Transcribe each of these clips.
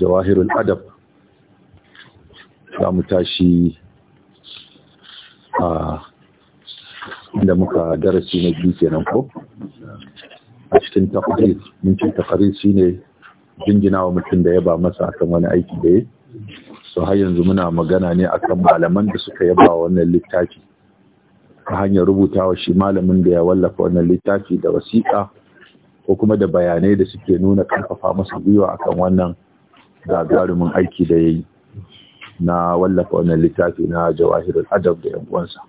jawahirul adab zamu tashi a inda muka darasi na biyu kenan ko a cikin taqrir mun ce takarir shine jingina mutum da ya ba masa akan wani aiki da ya so har yanzu muna magana ne akan malaman da suka yaba wannan littafi ta hanyar rubutawa shi malamin da ya wallafa wannan littafi da wasiƙa ko kuma da bayanai da suke nuna ƙarfafa masa gwiwa akan wannan da garimin aiki da ya yi na wallafa wannan littafi na jawahirar adab da 'yan uwansa.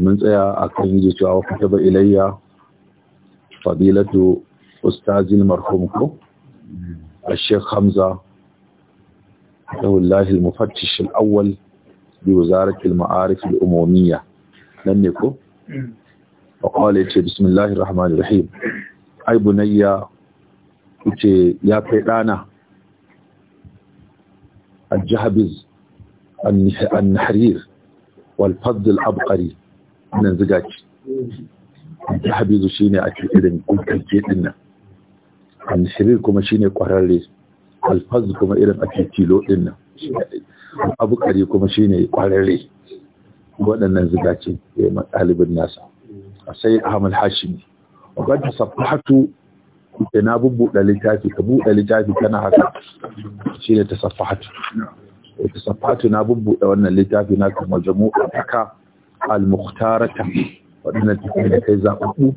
Mun tsaya a kan yi da cewa wata ba ilayya fadilatu ustazin marhumku a sheikh hamza yawullahi mafattish al'awwal bi wuzaratul ma'arif al'umumiyya nan ne ko wa qala ce bismillahir rahmanir rahim ay bunayya ce ya kai dana الجهبز النحرير والفض العبقري من الزجاج الجهبز شيني أكل إذن كنتجي إنا النحرير كما شيني قراري الفض كما إذن أكل تيلو إنا العبقري كما شيني قراري waɗannan zigace ya yi ɗalibin nasa a sai ahmad hashimi wadda safahatu sai na bubbuɗe littafi ka buɗe littafi kana haka shi ne ta tasaffahatu eh, na bubbuɗe wannan littafi na kan jamu a taka al-mukhtarata waɗannan tafi da kai zaɓaɓɓu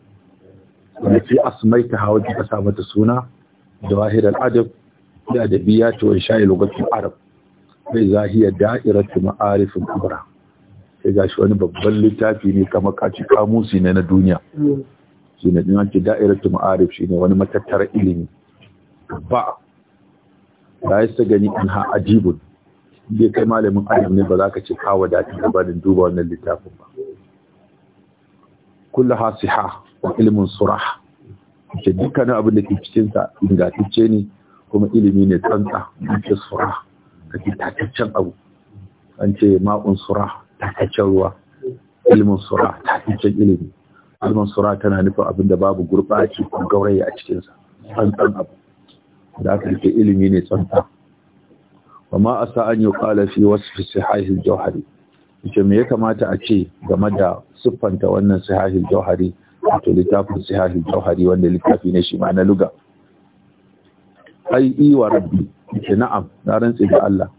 wanda fi asmai ta hawa ka sa mata suna Da al-adab da adabiya ta wani sha'i lokacin arab bai zahiya ta ma'arifin kubra sai gashi wani babban littafi ne kamar kaci kamusi ne na duniya shi ne ɗin ake da'iratu ma'arif shi wani matattara ilimi ba da ya sa gani in ha ajibun bai kai malamin adam ne ba za ka ce kawo da ake gabanin duba wannan littafin ba kulla ha siha wa ilimin surah ke dukkanin abin da ke cikinsa ingantacce ne kuma ilimi ne tsantsa ce surah kake tataccen abu an ce ma'un surah tataccen ruwa ilimin surah tataccen ilimi Sura tana nufin abin da babu gurɓaci ko gaurayi a cikinsa tsantsan abu da aka rike ilimi ne tsantsan wa ma a an yi ƙala fi wasu fi sihahil jauhari ita me ya kamata a ce game da siffanta wannan sihahil jauhari wato littafin sihahil jauhari wanda littafi ne shi ma na luga ai wa rabbi ita na'am na rantsi ga Allah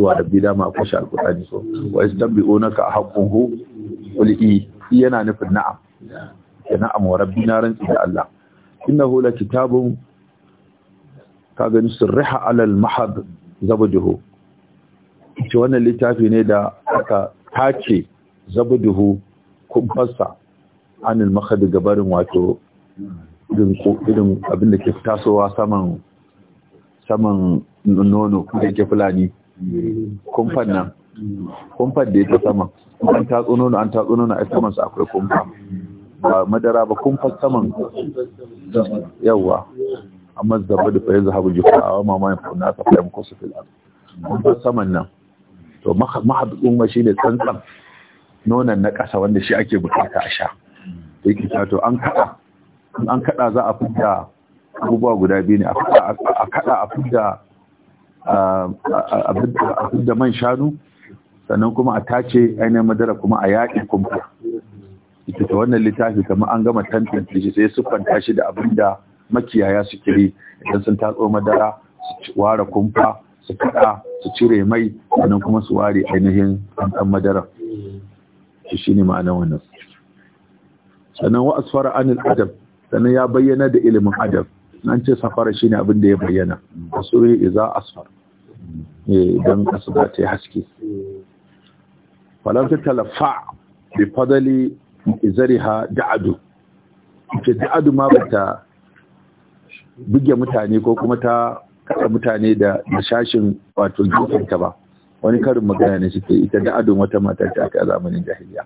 wa rabbi dama akwai shi alƙur'ani so wa istabbi'unaka haqqun hu qul i yana nufin na'am na'am wa rabbina da Allah innahu la kitabun ka gani sirriha alal mahad zabduhu ce wannan littafi ne da aka tace zabduhu kumfasa anil mahad gabarin wato irin abin da ke tasowa saman saman nono kuma ke fulani kumfan nan kumfar da ya ta sama an tatso nono an tatso nono a saman su akwai kumfa ba madara ba kumfar saman yawa amma zaba da fayin zahabu habu a a mamayin funa ta fayin kusa su fil kumfar saman nan to mahaɗin ma shi ne tsantsan nonon na ƙasa wanda shi ake bukata a sha da yake to an kaɗa an kaɗa za a fita abubuwa guda biyu ne a kaɗa a fita abin da man shanu sannan kuma a tace ainihin madara kuma a yaƙin kumfa ita ta wannan littafi kamar an gama tantance shi sai siffanta shi da abin da makiyaya su kiri idan sun tatso madara su ware kumfa su kada su cire mai sannan kuma su ware ainihin ɗan madara shi ne ma'anar wannan sannan wa asfara anil adab sannan ya bayyana da ilimin adab an ce safara shine abin da ya bayyana asuri iza asfar eh dan ta haske falam ta talafa bi fadali izariha da'adu ce da'adu ma bata buge mutane ko kuma ta kada mutane da shashin wato gefenta ba wani karin magana ne suke ita da'adun wata mata ta aka zamanin jahiliya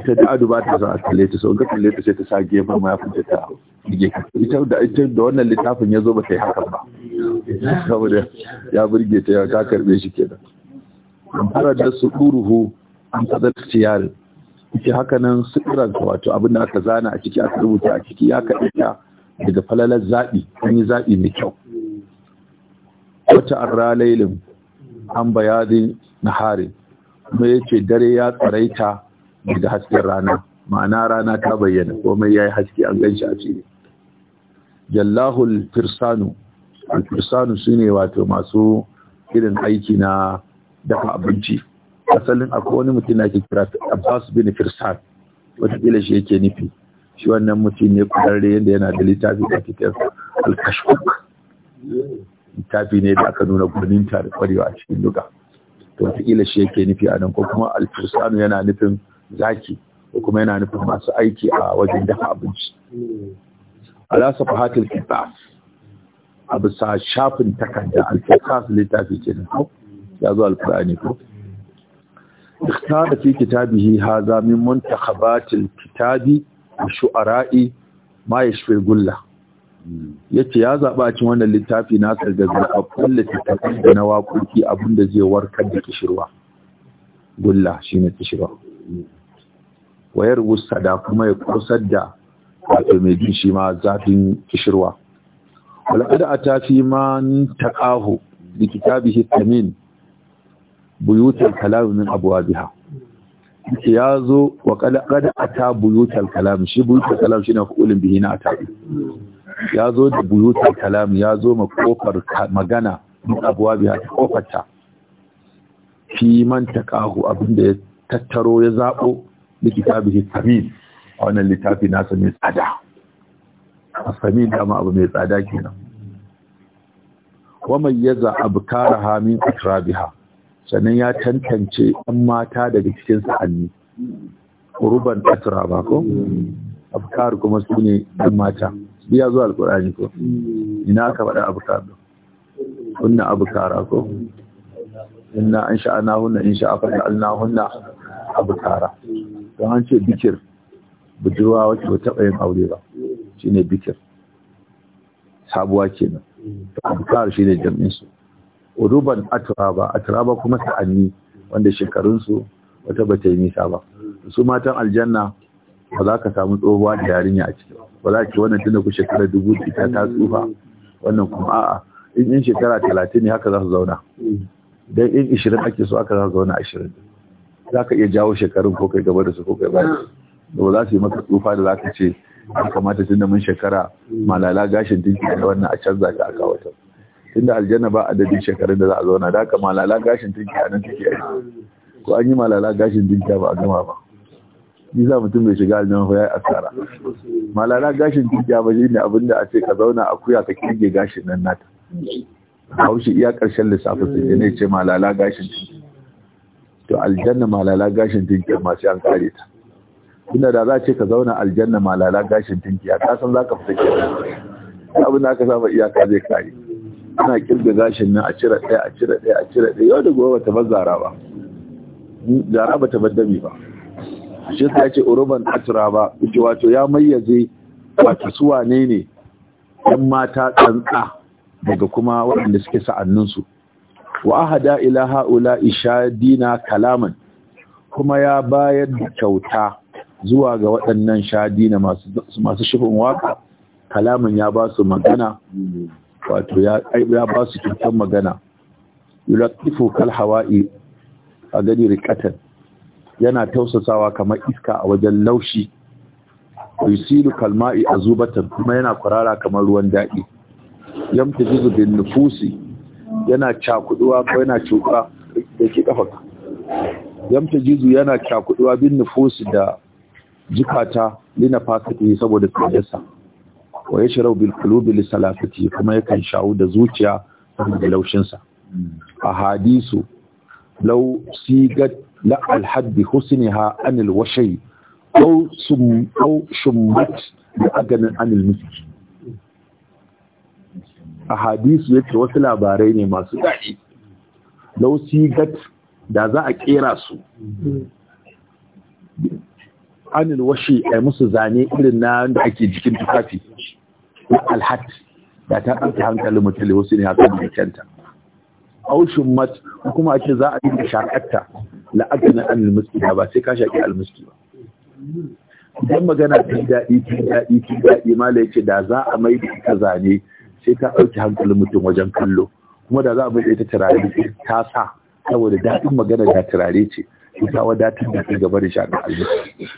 ita da'adu ba ta san asale ta sau ga kalle sai ta sa gefen mayafinta ta buge ita da ita da wannan littafin ya zo ba ta yi hakan ba saboda ya burge ta ya ta karbe shi kenan amfara da su ɗuruhu an tsadar tiyar ita haka nan su ɗuransa wato abin da aka zana a ciki aka rubuta a ciki ya kaɗaita daga falalar zaɓi an yi zaɓi mai kyau wata arra lailin an na hari kuma ya ce dare ya tsaraita daga hasken rana ma'ana rana ta bayyana komai ya yi haske an ganshi a ciki jallahul firsanu firsanu su wato masu irin aiki na dafa abinci asalin akwai wani mutum na ke kira Abbas bin Firsat wataƙila shi yake nufi shi wannan mutum ne kudarre yadda yana da littafi da ake kira al littafi ne da aka nuna gurninta da kwarewa a cikin duka to wataƙila shi yake nufi a nan ko kuma al yana nufin zaki ko kuma yana nufin masu aiki a wajen dafa abinci ala safahatul kitab a bisa shafin takarda al littafi ke nufi ya zo alkur'ani ko ikhtara fi kitabihi hadha min muntakhabatil kitabi shu'ara'i ma yashfi gulla yace ya zaba cin wannan littafi na sarga zaɓaɓɓun littattafai da na waƙoƙi abinda zai warkar da kishirwa gulla shine kishirwa wayar wusta da kuma ya kusar da wato mai jin shi ma zafin kishirwa walƙada a tafi man taƙaho da kitabihi tamin buyutul kalam min abwabiha ya yazo wa qad qad ata buyutul kalam shi buyutul shi shine fa'ulun bihi na ata zo da buyutul ya zo ma kofar magana min biha ta abwabiha kofarta fi man taqahu abinda ya tattaro ya zaɓo. zabo likitabihi Samin a wannan littafi nasa mai tsada A Samin dama abu mai tsada kenan wa mayyaza abkaraha min atrabiha sannan ya tantance ɗan mata daga cikin sa'anni ruban tattara ba ko afkar kuma su ne ɗan mata biya zuwa alkurani ko ina aka faɗa afkar ɗin kunna abkara ko inna an na hunna in sha'a faɗa alna hunna abkara don an ce bikir budurwa wacce ba taɓa yin aure ba shine bikir sabuwa kenan abkar shine jam'in su uruban aturaba aturaba kuma sa'anni wanda shekarunsu wata ba ta yi nisa ba su matan aljanna ba za ka samu tsohuwa da yarinya a ciki ba za ki wannan tunda ku shekara dubu ta ta tsufa wannan kuma a'a in in shekara talatin ne haka za su zauna dan in ishirin ake so aka za su zauna ashirin za ka iya jawo shekarun ko kai gaba da su ko kai da ba za su yi maka tsufa da za ka ce ya kamata tunda mun shekara malala gashin dinki da wannan a canza ta a ta. inda aljanna ba adadin shekarun da za a zauna da daga malala gashin a nan take yi ko an yi malala gashin tunki ba a gama ba ni za mutum bai shiga aljanna ba yayi asara malala gashin tunkiya ba shi abin da a ce ka zauna a kuya ka kirge gashin nan nata haushi iya karshen lissafin sai ne ce malala gashin tunki. to aljanna malala gashin tunki amma sai an kare ta inda da za ce ka zauna aljanna malala gashin a, ka san zaka fita kenan abin da aka saba iyaka zai kare ana kirga gashin nan a cire ɗaya a cire ɗaya a cire ɗaya yau da gobe bata bar zara ba zara bata bar dami ba shi ya ce uruban atura ba kuke wato ya mayyaze wato su wane ne yan mata tsantsa daga kuma waɗanda suke sa'anninsu wa ahada ila haula dina kalaman kuma ya bayar da kyauta zuwa ga waɗannan dina masu shifin waka kalaman ya ba su magana wato ya basu ba su cutar magana yulatifu kal hawa'i a gani rikatan. yana tausasawa kamar iska a wajen laushi silu kalma'i a zubatan kuma yana kwarara kamar ruwan daɗi jizu bin nufusi yana cakuduwa ko yana cuka da ke Yamta jizu yana cakuduwa bin nufusi da jikata lina fasiti saboda tsadarsa wa ya shirau bil kulubi salafati kuma yakan shawo da zuciya da laushinsa a hadisu lau sigat la hadd husniha al washai aw sum au shummat da aganin al misk a hadisu yake wasu labarai ne masu dadi. lau sigat da za a kera su anil washe a musu zane irin na da ake jikin tufafi na alhaji da ta ɗauki hankalin mutum wasu ne haka mai kyanta aushin mat kuma ake za a dinga shakatta la'akanin almiski ba sai ka shaki almiski ba idan magana ta daɗi ta daɗi ta daɗi mala yake da za a mai da ita zane sai ta ɗauki hankalin mutum wajen kallo kuma da za a mai da ita turare ta sa saboda daɗin magana da turare ce ita wadatar da ta gaba da shaƙar almiski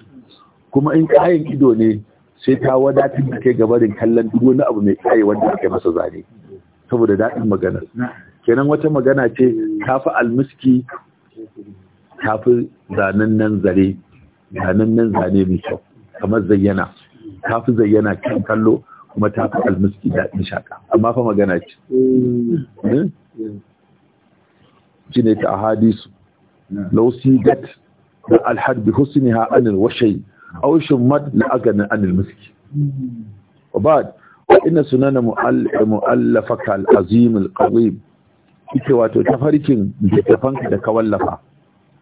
kuma in kayan ido ne sai ta wadatar da kai gabarin kallon duk wani abu mai tsaye wanda ake masa zane saboda daɗin maganar kenan wata magana ce ta fi almiski ta fi zanen nan zare zanen nan zane mai kyau kamar zayyana ta fi zayyana kan kallo kuma ta fi almiski daɗin shaka amma fa magana ce hmm? shi ne ta ahadisu lausidat da alhad bi husniha anil washai Aushin mad na aganin anil miski wa ba'd inna sunana mu'allafaka al-azim ita wato tafarkin littafanka da ka wallafa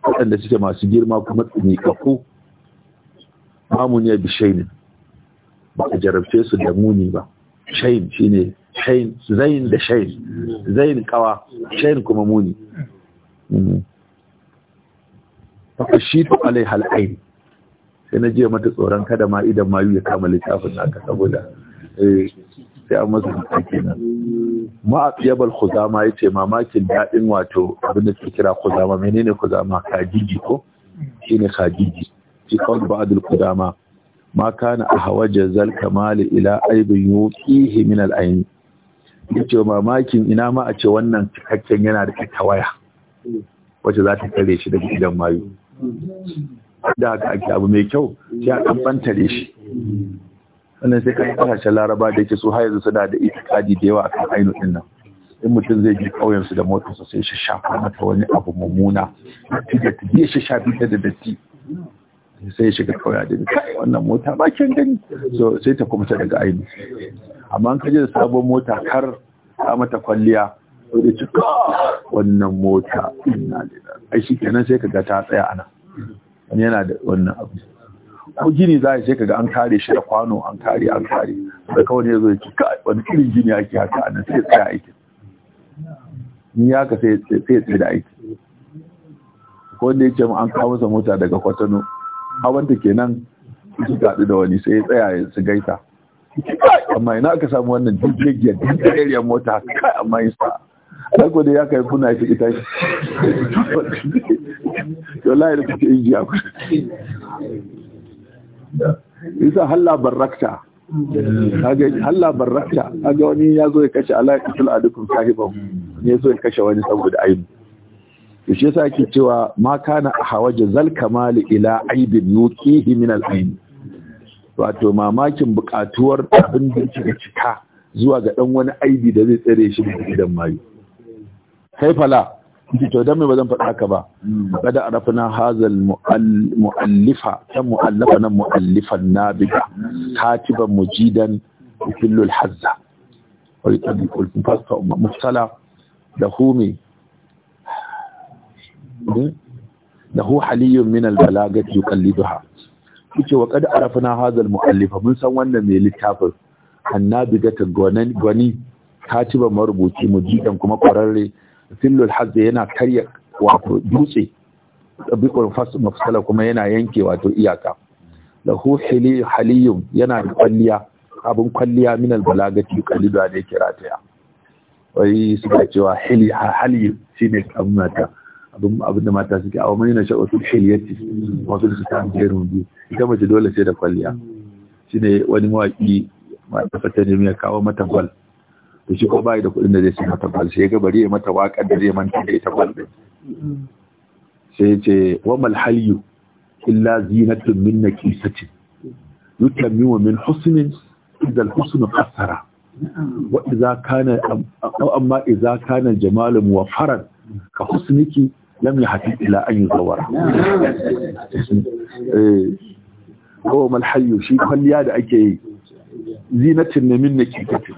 waɗanda suke masu girma kuma tsinikaku mamuniya bi shainin ba a jarabce su da muni ba shain shine shain zain da shain zain kawa shain kuma muni fakashitu alaiha al'ain sai na jiya mata tsoron kada ma idan mayu ya kama littafin naka saboda eh, sai an masa haka kenan ma'afiyabal kuzama ya ce mamakin daɗin wato abin da suke kira kuzama menene kuzama kajiji ko ne kajiji fi kawai ba'adul kuzama ma kana a hawa jazal kamali ila aibin yuqihi min al ya yace mamakin ina ma a ce wannan cikakken yana da waya? wacce za ta kare shi daga idan mayu da haka ake abu mai kyau Ya a dan shi Wannan sai kai kasashen laraba da yake so har yanzu suna da itikadi da yawa akan ainu din nan in mutum zai ji kauyen su da motar sa sai shi shafa mata wani abu mummuna da ta shi shafi ta da datti sai ya shiga kauya da kai wannan mota bakin gani so sai ta kuma ta daga ainu amma an kaje da sabon mota kar ta mata kwalliya to da ka wannan mota inna lillahi ai shikenan sai kaga ta tsaya ana wani yana da wannan abu ko gini za a sai kaga an kare shi da kwano an kare an kare da kawai ne zo yake kai wani irin gini ake haka nan sai tsaya aikin ni ya ka sai tsaye da aiki ko wanda ya ce mu an kawo masa mota daga Kwatano hawanta kenan su gaɗu da wani sai ya tsaya su gaita amma ina aka samu wannan jirgiyar jirgiyar mota kai amma yi sa ko ya kai kuna shi ita shi wallahi da kake yi a isa halla barakta kaga halla barakta kaga wani ya zo ya kashe ala itul adukum sahibahu ne zo ya kashe wani saboda aibu to shi yasa ake cewa ma kana hawaja zal kamal ila aibin yuqihi min al ayn wato mamakin bukatuwar abin da yake cika zuwa ga dan wani aibi da zai tsare shi da gidan mayu kai fala to dan me ba zan faɗa haka ba hmm. kada arafna hazal muallifa kan muallafa nan muallifan nabiga katiba, mujidan kullu alhazza wa yatabi kul fasta mustala lahu mi hmm? lahu haliyun min albalagati yuqalliduha kuce wa kada arafna hazal muallifa mun san wannan mai littafin annabi ga ta gwani katiba marubuci mujidan kuma kwararre sillul hazza yana karya wato dutse fas mafsala kuma yana yanke wato iyaka lahu hili haliyum yana da kwalliya abin kwalliya min albalagati qalida da yake rataya wai suka cewa hili hali shine abin mata abin da mata suke awa mai na sha'o su hiliyati wasu su ta jerun bi ita mace dole sai da kwalliya shine wani mawaki ma ta fata ne mai kawo mata gwal da shi ko bai da kuɗin da zai sai mata bal sai ga bari ya mata waƙar da zai manta da ita bal din sai ce wa mal halyu illa zinatun min nakisati wa min husnin idza al husnu qasara wa idza kana amma idza kana jamalu muwaffaran ka husniki lam yahti ila an yuzawara eh ko mal halyu shi kwalliya da ake yi zinatin ne min nakisati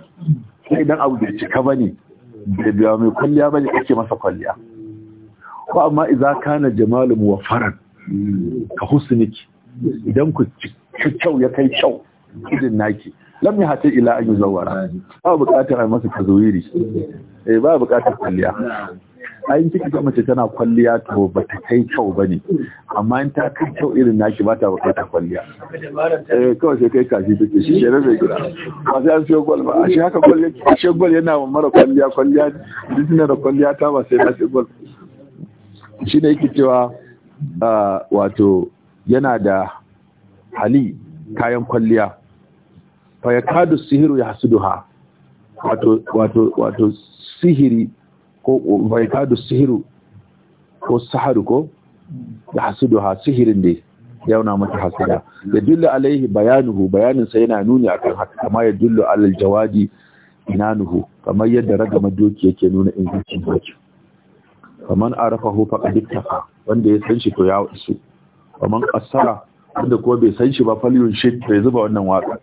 sai idan abu bai cika bane bai biya mai kwalliya bane ake masa kwalliya ko amma idza kana jamalu muwaffaran ka husniki idan ku kyau ya kai kyau idin naki lam ya hata ila an yuzawwara ba bukatar masa tazawiri eh ba buƙatar kwalliya ai kika ga mace tana kwalliya to ba ta kai kyau ba ne. amma in ta kai kyau irin naki ba ta ta kwalliya eh kawai sai kai kaji take shi ke rasa gura ba sai an siyo gwal ba a shi haka a shi gwal yana mara kwalliya kwalliya na da kwalliya ta ba sai na shi gwal shi ne yake cewa wato yana da hali kayan kwalliya fa ya kadu sihiru ya hasuduha wato wato wato sihiri ko bai kadu sihiru ko saharu ko da hasudu ha sihirin dai yauna mata hasida ya dillu alaihi bayanuhu bayanin sa yana nuni akan haka kama ya dillu alal jawadi inanuhu kamar yadda ragama doki yake nuna ingancin doki faman arafahu faqad ittaqa wanda ya san shi to ya isu faman ƙasara, wanda ko bai san shi ba falyun shi ya zuba wannan waka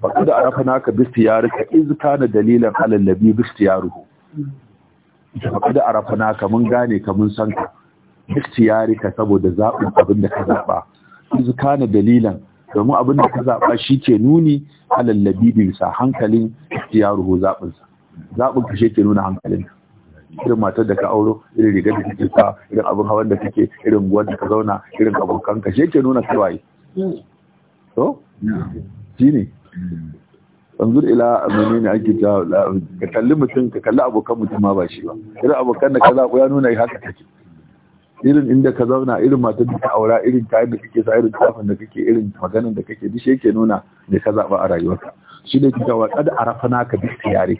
faqad arafnaka bi istiyarika iz kana dalilan alal labi bi istiyaruhu faɗi a rafana ka mun gane ka mun san ka duk tiyari ka saboda zaɓin abin da ka zaɓa su kana dalilan domin abin da ka zaɓa shi ke nuni alallabi bisa hankalin ciyaruhu zaɓinsa zaɓin ka shi ke nuna hankalin irin matar da ka auro irin rigar da kake sa irin abin hawan da kake irin guwar da ka zauna irin abokan ka shi ke nuna kawai hmm. to hmm. shi ne hmm. yanzu ila amini ne ake ta ka kalli mutum ka kalli abokan mutum ma ba shi ba irin abokan da kaza ya nuna haka take irin inda ka zauna irin matan da ka aura irin kayan da kake sa irin tafin da kake irin maganin da kake dishe yake nuna da ka zaɓa a rayuwarka shi ne kika wa kada arafa naka bi tiyare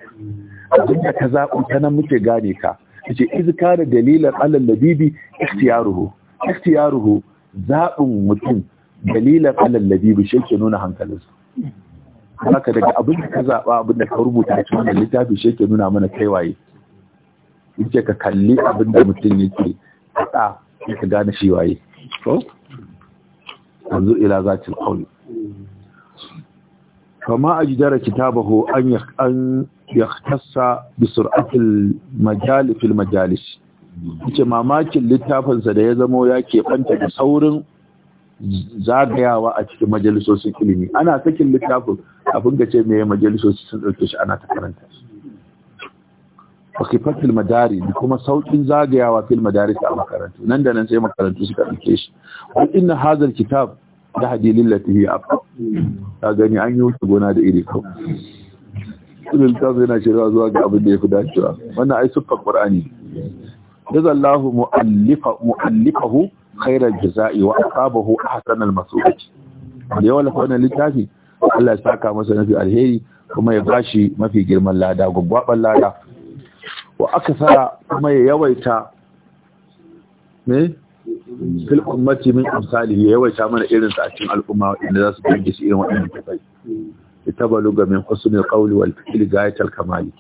abin da ka zaɓo ta nan muke gane ka kace iz kana dalilan alal labibi ikhtiyaruhu ikhtiyaruhu zaɓin mutum dalilan alal labibi shi ke nuna hankalinsa haka daga abin da ka zaɓa abin da ka rubuta cikin wannan littafi shi yake nuna mana kai waye yake ka kalli abin da mutum yake faɗa ka gane shi waye to yanzu ila zatil qawl فما أجدر كتابه أن يخ... أن يختص بسرعة المجال في majalis ce mamakin littafinsa da ya zamo ya keɓanta da saurin zagayawa a cikin majalisosin ilimi ana sakin littafin abin da ce me majalisoci sun ɗauke shi ana ta karanta shi wakifatul madari da kuma saukin zagayawa fil ta a makarantu nan da nan sai makarantu suka ɗauke shi Wani ina hazal kitab da hadilin latihi a ta gani an yi wuce gona da iri kau ilil littafin yana shirya zuwa ga abin da ya fi dacewa wannan ai siffar qur'ani jazallahu mu'allifahu khairar jaza'i wa asabahu ahsanal masubati da yawa lafa wannan littafi Allah ya saka masa nafi alheri kuma ya bashi mafi girman lada gubbaban lada wa akasara kuma ya yawaita ne fil ummati min ya yawaita mana irin sa a cikin al'umma inda za su dinga shi irin waɗannan itabalu ga min husni qawli wal fi'li gayatul kamali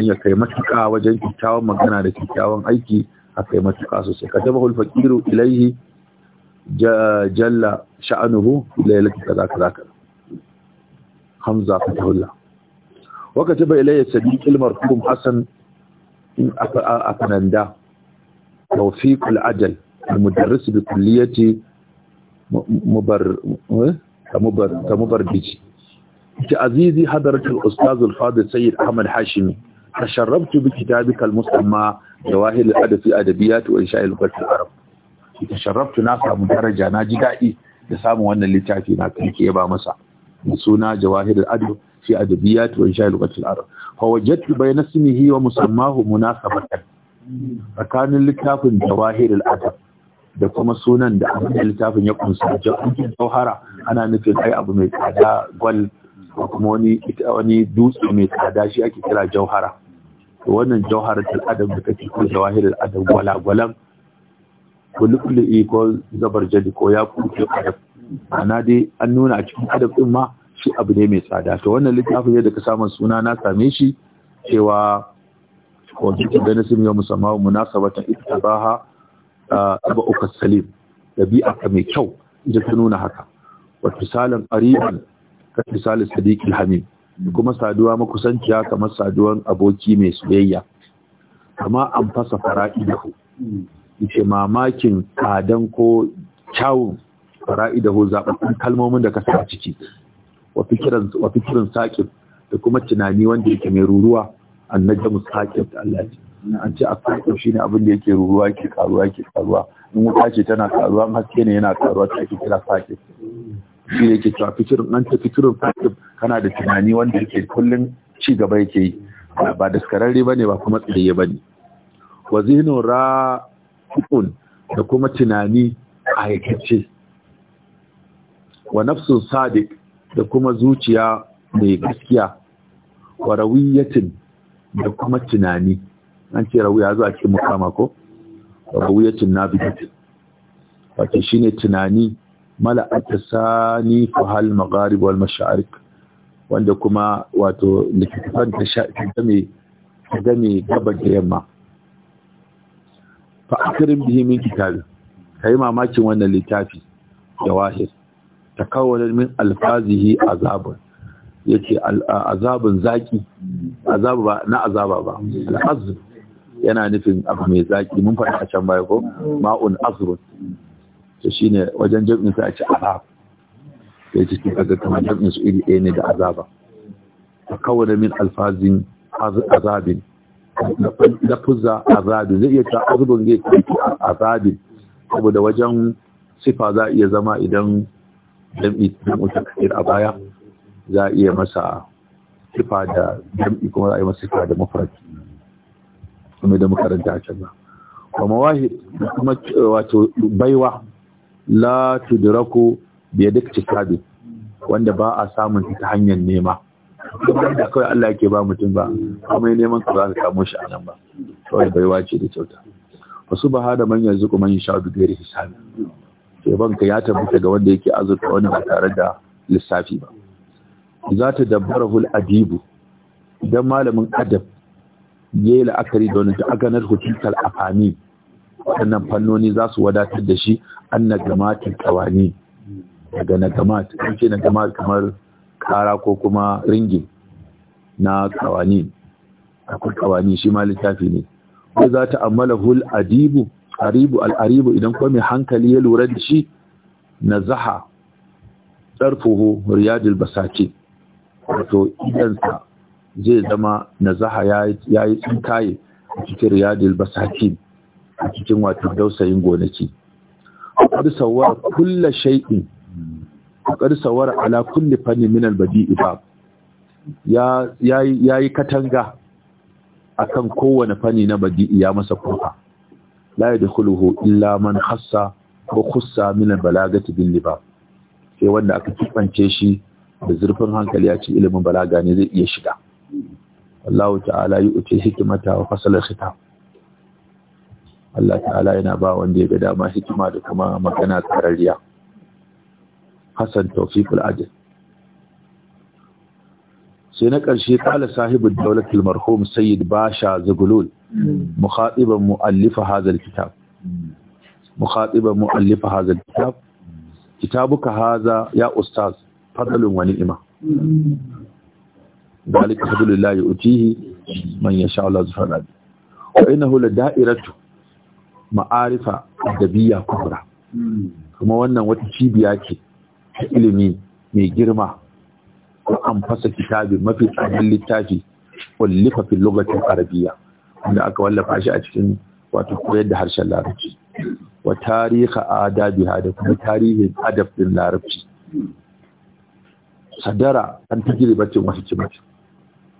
in ya kai matuƙa wajen kyakkyawan magana da kyakkyawan aiki yi matuƙa sosai katabahu al-faqiru ilayhi jalla sha'anuhu lailati kaza kaza hamza fatahullah wa kataba ilayya sadiq al-marhum hasan in afananda توفيق العجل المدرس بكلية مبر مبر مبرج تعزيزي Ustaz الأستاذ الفاضل سيد أحمد tasharrabtu bi kitabikal musamma jawahir al-adab fi adabiyat wa insha al-lughat al-arab tasharrabtu na samu daraja na ji dadi da samun wannan littafi na kike ba masa suna jawahir al-adab fi adabiyat wa insha al-lughat al-arab fa wajadtu bayna ismihi wa musammahu munasabatan tsakanin littafin jawahir al-adab da kuma sunan da abin da littafin ya kunsa jakukin tauhara ana nufin ai abu mai tsada gwal ko kuma wani wani dutse mai tsada shi ake kira jauhara to wannan jawharatul adab da kake ko jawahirul adab gwalagwalan ko kulli ko zabar jadi ko ya kuke adab ana dai an nuna a cikin adab din ma shi abu ne mai tsada to wannan littafin yadda ka samu suna na same shi cewa duk da nasim ya musamman munasabatan ta taba uka salim dabi'a ka mai kyau da ta nuna haka wa tisalan qariban ka tisalan sadiqil hamim da kuma saduwa makusanciya kamar saduwan aboki mai soyayya amma an fasa fara'idahu yace mamakin kadan ko kyawun fara'idahu zaɓaɓɓun kalmomin da ka ciki wa fikirin saƙin da kuma tunani wanda yake mai ruruwa an jamus saƙin da Allah ce an ce a saƙin shine abin da yake ruruwa yake karuwa yake karuwa in wuta ce tana karuwa haske ne yana karuwa ta ake kira saƙin shi ne ke cewa fikirin nan ta fiturin fatim kana da tunani wanda yake kullum ci gaba yake yi ba daskararre ba ne ba kuma tsaye ba ne wa ra ra'un da kuma tunani a yakace wa nafsun sadiq da kuma zuciya mai gaskiya wa rawiyatin da kuma tunani an ce rawiya zuwa cikin mukama ko rawiyatin nabidatin wato shine tunani mala'at sani fahal magharib wal mashariq wanda kuma wato likitan ta game game gaba da yamma fa akrim bihi min kitabi kai mamakin wannan littafi da takawwala min alfazihi azabun yace azabun zaki azabu ba na azaba ba al'azab yana nufin abu mai zaki mun faɗi a can baya ko ma'un azrun shi ne wajen jirgin sa a ci azab ya ci kaga kamar jirgin su iri ɗaya ne da azaba a da min alfazin azabin na fuzza azabin zai iya ta azubin zai kai azabin saboda wajen sifa za iya zama idan jam'i na mutakir a baya za iya masa sifa da jam'i kuma za a yi masa sifa da mafarki kuma da makaranta a can ba kuma wahi kuma wato baiwa la tudraku bi yadik wanda ba a samun ta hanyar nema duk da kawai Allah yake ba mutum ba kuma neman ka za ka samu shi a nan ba kawai baiwa ce da kyauta wasu ba da man yanzu kuma sha sha'adu da yare hisabi ke banka ya tabbata ga wanda yake azurta wani ba tare da lissafi ba za ta dabbara hul adibu idan malamin adab yayi yi la'akari da wani ta aganar hukuntar afami waɗannan fannoni za su wadatar da shi an gamatin kawani daga nagamat an na nagamat kamar ƙara ko kuma ringi na kawani akwai kawani shi ma littafi ne ko za ta Amala, hul adibu aribu al'aribu idan kuma mai hankali ya lura da shi na zaha tsarfuhu riyadul basaki wato idansa zai zama na zaha ya yi tsinkaye a cikin riyadul basaki a cikin wato dausayin gonaki qad sawar kulla shay'in qad sawar ala kulli fanni min al-badi'i ba ya yayi katanga akan kowane fanni na badi'i ya masa kofa la yadkhuluhu illa man khassa ko khussa min al-balagati bil libab sai wanda aka kifance shi da zurfin hankali ya ci ilimin balaga ne zai iya shiga Allah ta'ala yi uce hikimata wa fasalar khitab Allah ta'ala yana ba wanda ya ga dama hikima da kuma magana tsararriya Hassan Tawfiqul Adil sai na ƙarshe ƙala sahibin daulatul marhum sayyid basha zagulul mukhatiban mu'allifa hadhal kitab mukhatiban mu'allifa hadhal kitab kitabuka hadha ya ustaz fadlun wa ni'ma dalika fadlullahi yu'tihi man yasha Allah subhanahu wa innahu la da'iratu ma'arifa adabiyya kubra kuma wannan wata cibiya ce ta ilimi mai girma ko an fasa kitabin mafi tsanin littafi wallifa fi lugatin arabiya wanda aka wallafa shi a cikin wato koyar da harshen larabci wa tariha adabiha da kuma tarihin adab din larabci sadara an bace wasu kimati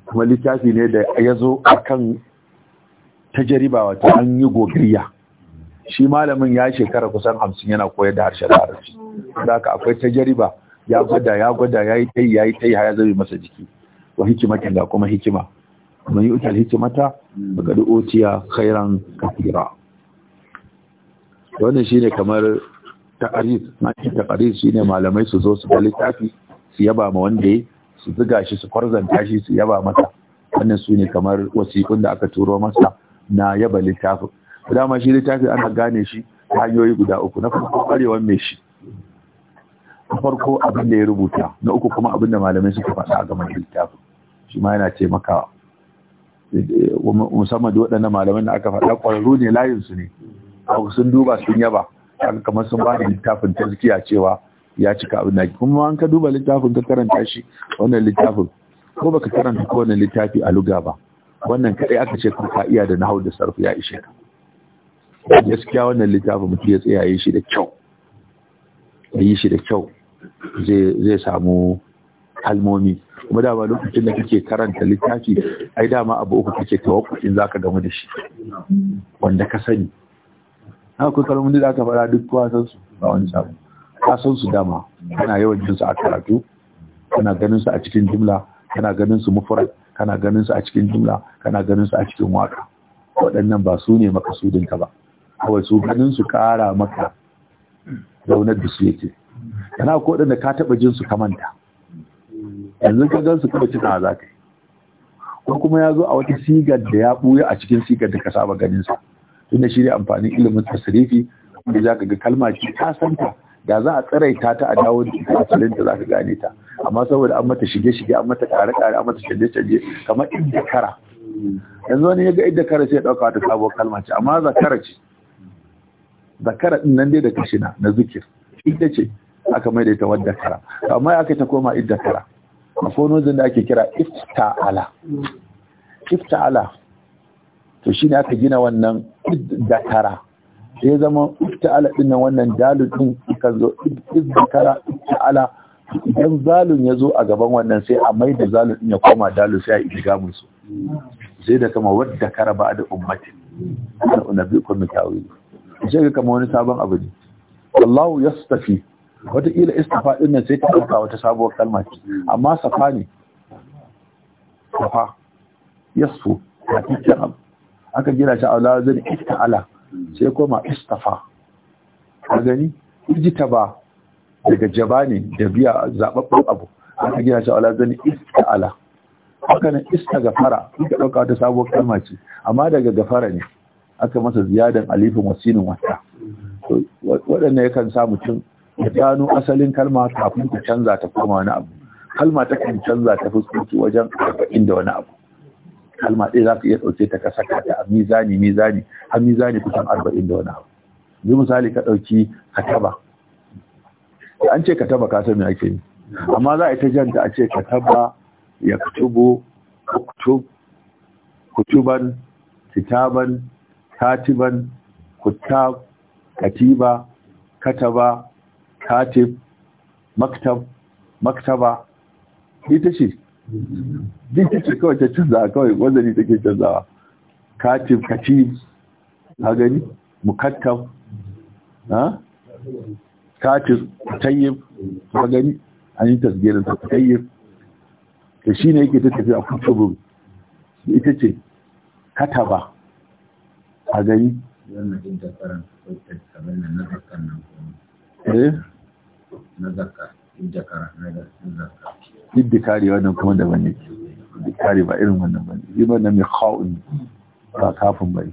kuma littafi ne da ya zo akan tajriba ta an yi gogayya shi malamin ya shekara kusan hamsin yana koyar da harshen larabci da ka akwai tajariba ya gwada ya gwada ya yi tai ya yi tai ya zabi masa jiki wa hikima da kuma hikima mun yi utal hikimata daga otiya khairan kafira wannan shine kamar taqrir na shi shine malamai su zo su da littafi su yaba ma wanda ya su ziga shi su kwarzanta shi su yaba masa wannan su ne kamar wasiƙun da aka turo masa na yaba littafin dama shi littafi ana gane shi ta hanyoyi guda uku na farko kwarewan mai shi na farko abin da ya rubuta na uku kuma abin da malamai suka faɗa a gaban littafin shi ma yana taimakawa musamman da waɗannan malamai da aka faɗa ƙwararru ne layinsu ne abu sun duba sun yaba haka kamar sun bada littafin ta zikiya cewa ya cika abin da kuma an ka duba littafin ka karanta shi wannan littafin ko baka karanta kowane littafi a luga ba wannan kadai aka ce ka iya da nahau da sarfi ya ishe ka gaskiya wannan littafin mutum ya tsaya yi shi da kyau yi shi da kyau zai samu kalmomi kuma dama lokacin da kake karanta littafi ai dama abu uku kake tawakkufin zaka gamu da shi wanda ka sani Na kuma kalmomin da aka fara duk kowa san su ba wani sabu ka san su dama kana yawan jin su a karatu kana ganin su a cikin jumla kana ganin su mufrad kana ganin su a cikin jumla kana ganin su a cikin waka waɗannan ba su ne makasudinka ba a wasu ganin su kara maka zaunar da su yake kana ko da ka taba jin su manta. yanzu ka gan kuma tuna za ka ko kuma ya zo a wata sigar da ya buya a cikin sigar da ka saba ganin sa Tun da shi ne amfanin ilimin tasrifi wanda za ka ga kalma ce ta santa da za a tsaraita ta a dawo da asalin da za ka gane ta amma saboda an mata shige-shige an mata kare-kare an mata canje-canje kamar inda kara yanzu wani ya ga inda kara sai ya ɗauka wata sabuwar kalma ce amma kara ce zakara din nan dai da kashina na zikir ita ce aka mai da ta wadda kara amma aka ta koma idda kara a nozin da ake kira ifta'ala ifta'ala to shi ne aka gina wannan idda kara ya zama ifta'ala din nan wannan dalil din aka zo idda kara ifta'ala idan zalun ya zo a gaban wannan sai a mai da zalun din ya koma dalil sai a idgamu musu. sai da kama wadda kara ba da ummatin ana unabbikum min ta'wili ga kama wani sabon abu ne Allahu yastafi wataƙila istafa ɗin nan sai ta ɗauka wata sabuwar kalma ce amma safa ne safa yasfu a cikin abu aka gina shi a lazin ista'ala sai koma istafa a gani ijita ba daga jaba ne da biya zaɓaɓɓen abu aka gina shi a lazin ista'ala haka nan ista gafara ita ɗauka wata sabuwar kalma ce amma daga gafara ne aka masa ziyadan alifin wasinin wata waɗanda kan sa mutum ya gano asalin kalma kafin ta canza ta koma wani abu kalma ta kan canza ta fuskoki wajen arba'in da wani abu kalma ɗaya za ka iya ɗauke ta ka saka ta a mizani mizani har mizani kusan arba'in da wani abu yanzu misali ka ɗauki kataba an ce kataba ka san me ake yi amma za a yi ta janta a ce kataba ya kutubu kutub kutuban kitaban katiban kutab katiba kataba katib maktab maktaba ita ce ita ce kawai ta canza kawai wanda ni take canzawa katib katib a gani mukattab ha katib tayyib a gani an yi tasgirin ta tayyib shi ne yake ta tafiya a ita ce kataba a gani eh na da kare wannan kuma daban ne duk ba irin wannan ba ne yi wannan mai ha'un ba kafin ba ne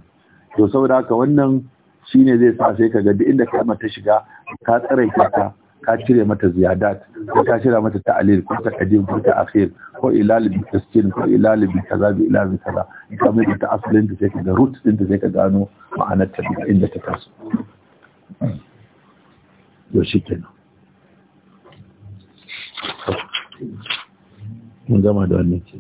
to saboda haka wannan shine zai sa sai ka ga duk inda kalmar ta shiga ka tsare ka ka cire mata ziyadat ko ka cire mata ta'alil ko taqdim ko akhir ko ilal bi tasjil ko ilal bi kaza bi ilal bi kaza kamar da asalin da take da root din da take gano ma'anar ta inda ta taso yo kenan mun gama da wannan ce